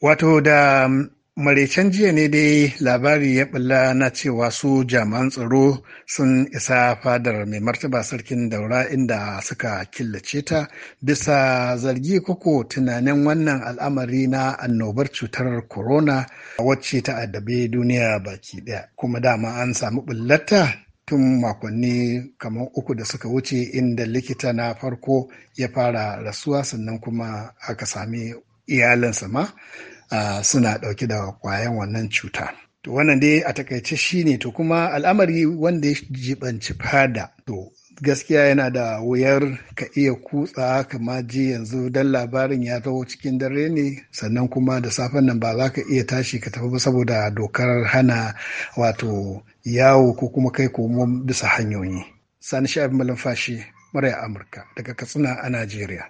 Wato da maraicen jiya ne dai labari ya bulla na cewa su jami'an tsaro sun isa fadar mai martaba sarkin daura inda suka killace ta bisa zargi koko tunanin wannan al'amari na annobar cutar corona wacce ta addabe duniya baki daya kuma dama an samu bullata tun makonni kamar uku da suka wuce inda likita na farko ya fara rasuwa sannan kuma aka sami iyalinsa ma suna ɗauke da ƙwayan wannan cuta. To wannan dai a takaice shi ne to kuma al'amari wanda ya jibanci fada to gaskiya yana da wuyar ka iya kutsa kama ji yanzu dan labarin ya taho cikin dare ne sannan kuma da safen nan ba za ka iya tashi ka tafi ba saboda dokar hana wato yawo ko kuma kai komo bisa hanyoyi. Sani Sha'ib Malamfashi, murya Amurka daga Katsina a Najeriya.